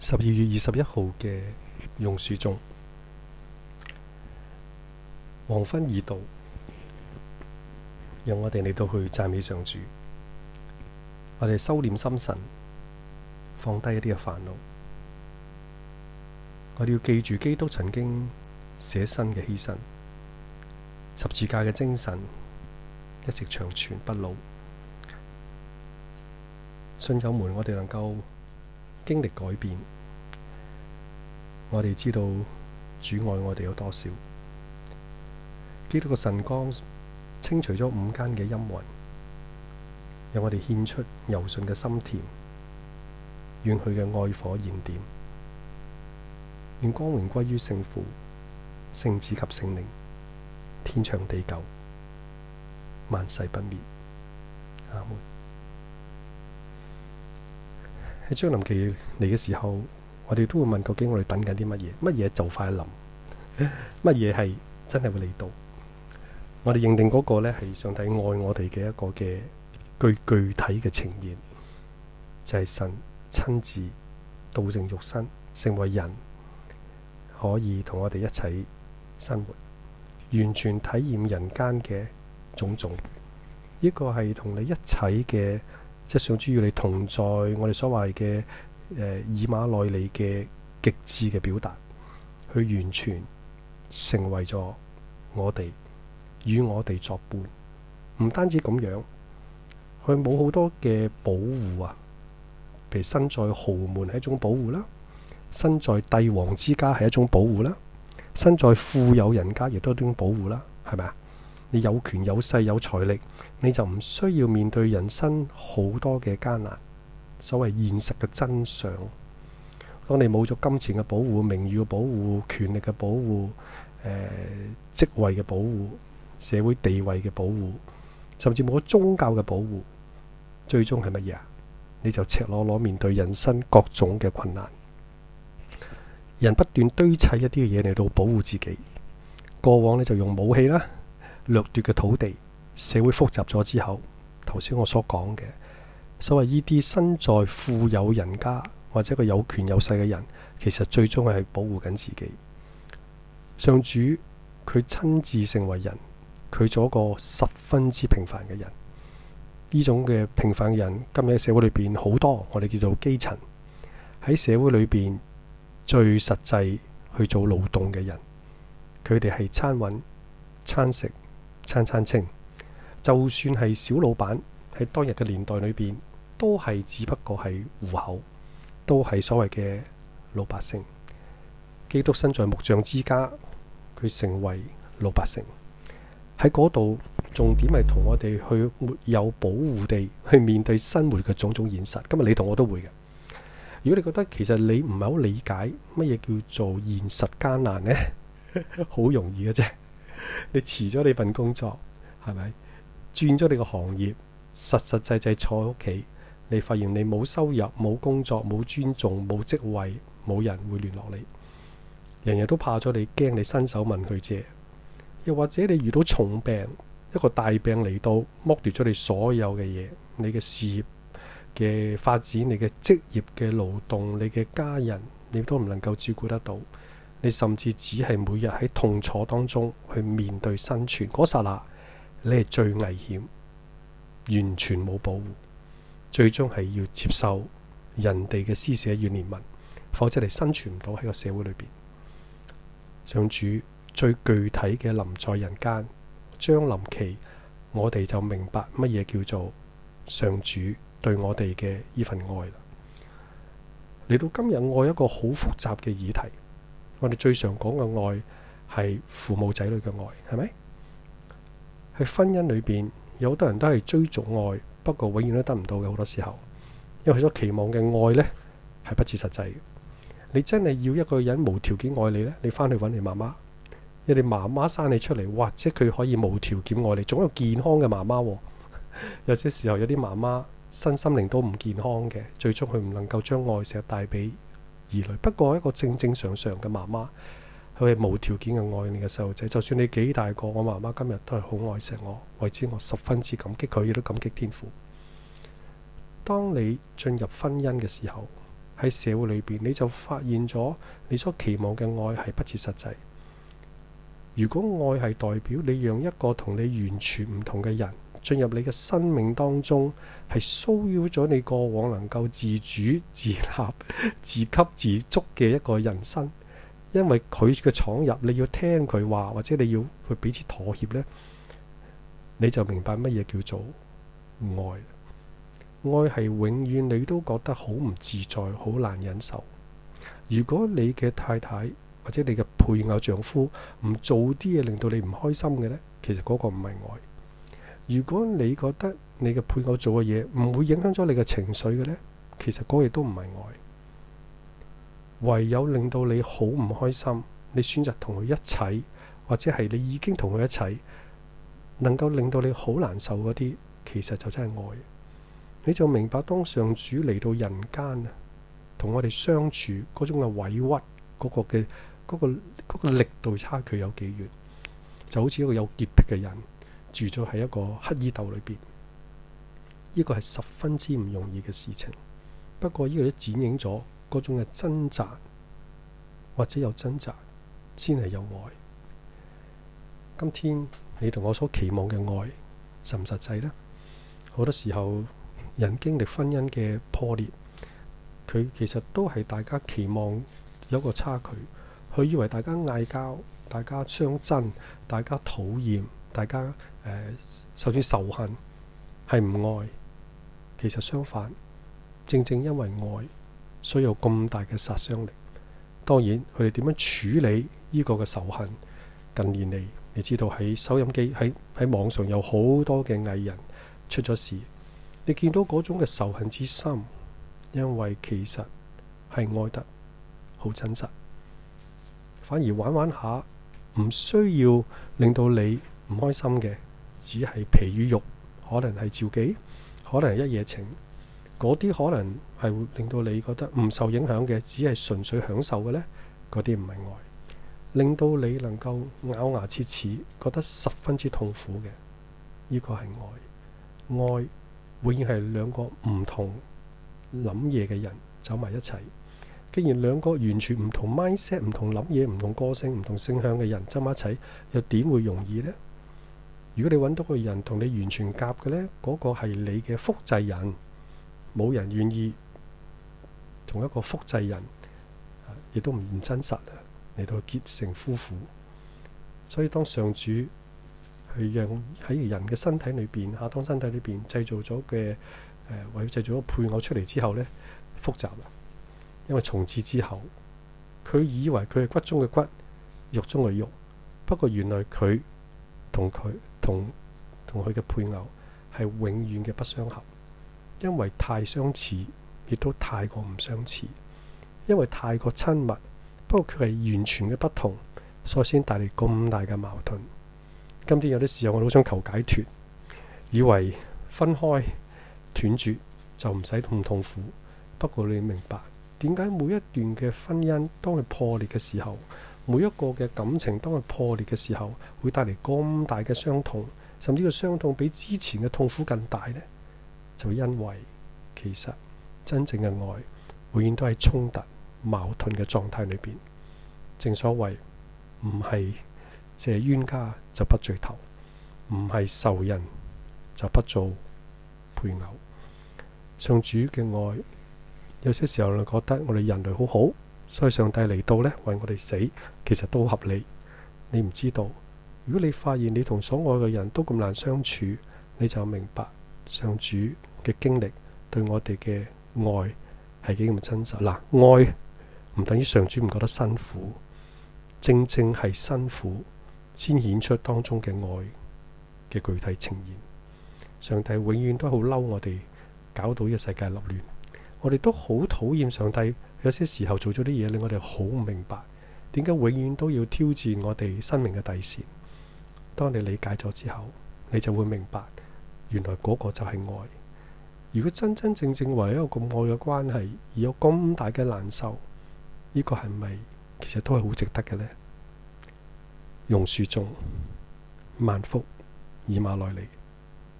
十二月二十一號嘅榕樹中，黃昏已到，讓我哋嚟到去讚美上主。我哋收斂心神，放低一啲嘅煩惱。我哋要記住基督曾經捨身嘅犧牲，十字架嘅精神一直長存不老。信友們，我哋能夠。經歷改變，我哋知道主愛我哋有多少。基督嘅神光清除咗五間嘅陰雲，讓我哋獻出柔順嘅心田，願佢嘅愛火燃點，願光榮歸於聖父、聖子及聖靈，天長地久，萬世不滅。阿門。喺將臨期嚟嘅時候，我哋都會問究竟我哋等緊啲乜嘢？乜嘢就快臨？乜嘢係真係會嚟到？我哋認定嗰個呢係上帝愛我哋嘅一個嘅具具體嘅呈現，就係、是、神親自道成肉身，成為人，可以同我哋一齊生活，完全體驗人間嘅種種。呢、這個係同你一齊嘅。即係上主要你同在我哋所謂嘅誒以馬內利嘅極致嘅表達，佢完全成為咗我哋與我哋作伴。唔單止咁樣，佢冇好多嘅保護啊，譬如身在豪門係一種保護啦、啊，身在帝王之家係一種保護啦、啊，身在富有人家亦都一種保護啦，係咪啊？你有權有勢有財力，你就唔需要面對人生好多嘅艱難。所謂現實嘅真相，當你冇咗金錢嘅保護、名譽嘅保護、權力嘅保護、誒、呃、職位嘅保護、社會地位嘅保護，甚至冇咗宗教嘅保護，最終係乜嘢啊？你就赤裸裸面對人生各種嘅困難。人不斷堆砌一啲嘅嘢嚟到保護自己，過往你就用武器啦。掠奪嘅土地，社會複雜咗之後，頭先我所講嘅所謂呢啲身在富有人家或者個有權有勢嘅人，其實最終係保護緊自己。上主佢親自成為人，佢做一個十分之平凡嘅人。呢種嘅平凡嘅人，今日喺社會裏邊好多，我哋叫做基層喺社會裏邊最實際去做勞動嘅人，佢哋係餐搵餐食，餐餐清，就算係小老闆喺當日嘅年代裏邊，都係只不過係戶口，都係所謂嘅老百姓。基督身在木匠之家，佢成為老百姓。喺嗰度重點係同我哋去沒有保護地去面對生活嘅種種現實。今日你同我都會嘅。如果你覺得其實你唔係好理解乜嘢叫做現實艱難呢，好 容易嘅啫。你辭咗你份工作，係咪轉咗你個行業？實實際際坐喺屋企，你發現你冇收入，冇工作，冇尊重，冇職位，冇人會聯絡你，人人都怕咗你，驚你伸手問佢借，又或者你遇到重病，一個大病嚟到，剝奪咗你所有嘅嘢，你嘅事業嘅發展，你嘅職業嘅勞動，你嘅家人，你都唔能夠照顧得到。你甚至只係每日喺痛楚當中去面對生存嗰剎那，你係最危險，完全冇保護，最終係要接受人哋嘅施捨與憐憫，否則你生存唔到喺個社會裏邊。上主最具體嘅臨在人間，將臨期。我哋就明白乜嘢叫做上主對我哋嘅呢份愛。嚟到今日，我有一個好複雜嘅議題。我哋最常講嘅愛係父母仔女嘅愛，係咪？喺婚姻裏邊，有好多人都係追逐愛，不過永遠都得唔到嘅。好多時候，因為佢所期望嘅愛呢，係不切實際。你真係要一個人無條件愛你呢，你翻去揾你媽媽，因為你媽媽生你出嚟，或者佢可以無條件愛你，仲有健康嘅媽媽。 有些時候有啲媽媽身心靈都唔健康嘅，最終佢唔能夠將愛成日帶俾。而來，不過一個正正常常嘅媽媽，佢係無條件嘅愛你嘅細路仔。就算你幾大個，我媽媽今日都係好愛錫我，為之我十分之感激佢，亦都感激天父。當你進入婚姻嘅時候，喺社會裏邊你就發現咗你所期望嘅愛係不切實際。如果愛係代表你讓一個同你完全唔同嘅人，進入你嘅生命當中，係騷擾咗你過往能夠自主、自立、自給自足嘅一個人生，因為佢嘅闖入，你要聽佢話，或者你要去彼此妥協呢，你就明白乜嘢叫做愛。愛係永遠你都覺得好唔自在，好難忍受。如果你嘅太太或者你嘅配偶、丈夫唔做啲嘢令到你唔開心嘅呢，其實嗰個唔係愛。如果你覺得你嘅配偶做嘅嘢唔會影響咗你嘅情緒嘅呢，其實嗰嘢都唔係愛。唯有令到你好唔開心，你選擇同佢一齊，或者係你已經同佢一齊，能夠令到你好難受嗰啲，其實就真係愛。你就明白當上主嚟到人間啊，同我哋相處嗰種嘅委屈，嗰個嘅嗰個嗰個力度差距有幾遠？就好似一個有潔癖嘅人。住咗喺一個乞兒鬥裏邊，呢個係十分之唔容易嘅事情。不過，呢個都展映咗嗰種嘅掙扎，或者有掙扎先係有愛。今天你同我所期望嘅愛實唔實際呢？好多時候人經歷婚姻嘅破裂，佢其實都係大家期望有一個差距。佢以為大家嗌交，大家相爭，大家討厭。大家誒、呃，首先仇恨係唔愛，其實相反，正正因為愛，所以有咁大嘅殺傷力。當然，佢哋點樣處理呢個嘅仇恨？近年嚟，你知道喺收音機喺喺網上有好多嘅藝人出咗事，你見到嗰種嘅仇恨之心，因為其實係愛得好真實，反而玩玩下，唔需要令到你，唔開心嘅，只係皮與肉，可能係召妓，可能係一夜情，嗰啲可能係令到你覺得唔受影響嘅，只係純粹享受嘅呢。嗰啲唔係愛。令到你能夠咬牙切齒，覺得十分之痛苦嘅，呢、呢個係愛。愛永遠係兩個唔同諗嘢嘅人走埋一齊。既然兩個完全唔同 mindset、唔同諗嘢、唔同歌聲、唔同性向嘅人走埋一齊，又點會容易呢？如果你揾到個人同你完全夾嘅咧，嗰個係你嘅複製人，冇人願意同一個複製人，亦都唔願真實嚟到結成夫婦。所以當上主去讓喺人嘅身體裏邊嚇，當身體裏邊製造咗嘅誒，為、呃、製造一個配偶出嚟之後咧，複雜啦，因為從此之後，佢以為佢係骨中嘅骨、肉中嘅肉，不過原來佢同佢。同同佢嘅配偶係永遠嘅不相合，因為太相似，亦都太過唔相似，因為太過親密，不過佢係完全嘅不同，所以先帶嚟咁大嘅矛盾。今天有啲時候，我都好想求解脫，以為分開斷絕就唔使咁痛苦。不過你明白點解每一段嘅婚姻當佢破裂嘅時候，每一個嘅感情當佢破裂嘅時候，會帶嚟咁大嘅傷痛，甚至個傷痛比之前嘅痛苦更大呢，就因為其實真正嘅愛永遠都喺衝突、矛盾嘅狀態裏邊。正所謂唔係即係冤家就不聚頭，唔係仇人就不做配偶。上主嘅愛，有些時候你覺得我哋人類好好。所以上帝嚟到呢，為我哋死，其實都合理。你唔知道，如果你發現你同所愛嘅人都咁難相處，你就明白上主嘅經歷對我哋嘅愛係幾咁真實。嗱，愛唔等於上主唔覺得辛苦，正正係辛苦先顯出當中嘅愛嘅具體呈現。上帝永遠都好嬲我哋，搞到呢個世界立亂，我哋都好討厭上帝。有些時候做咗啲嘢，令我哋好唔明白，點解永遠都要挑戰我哋生命嘅底線。當你理解咗之後，你就會明白原來嗰個就係愛。如果真真正正為一個咁愛嘅關係而有咁大嘅難受，呢、這個係咪其實都係好值得嘅呢？榕樹中萬福以馬內利。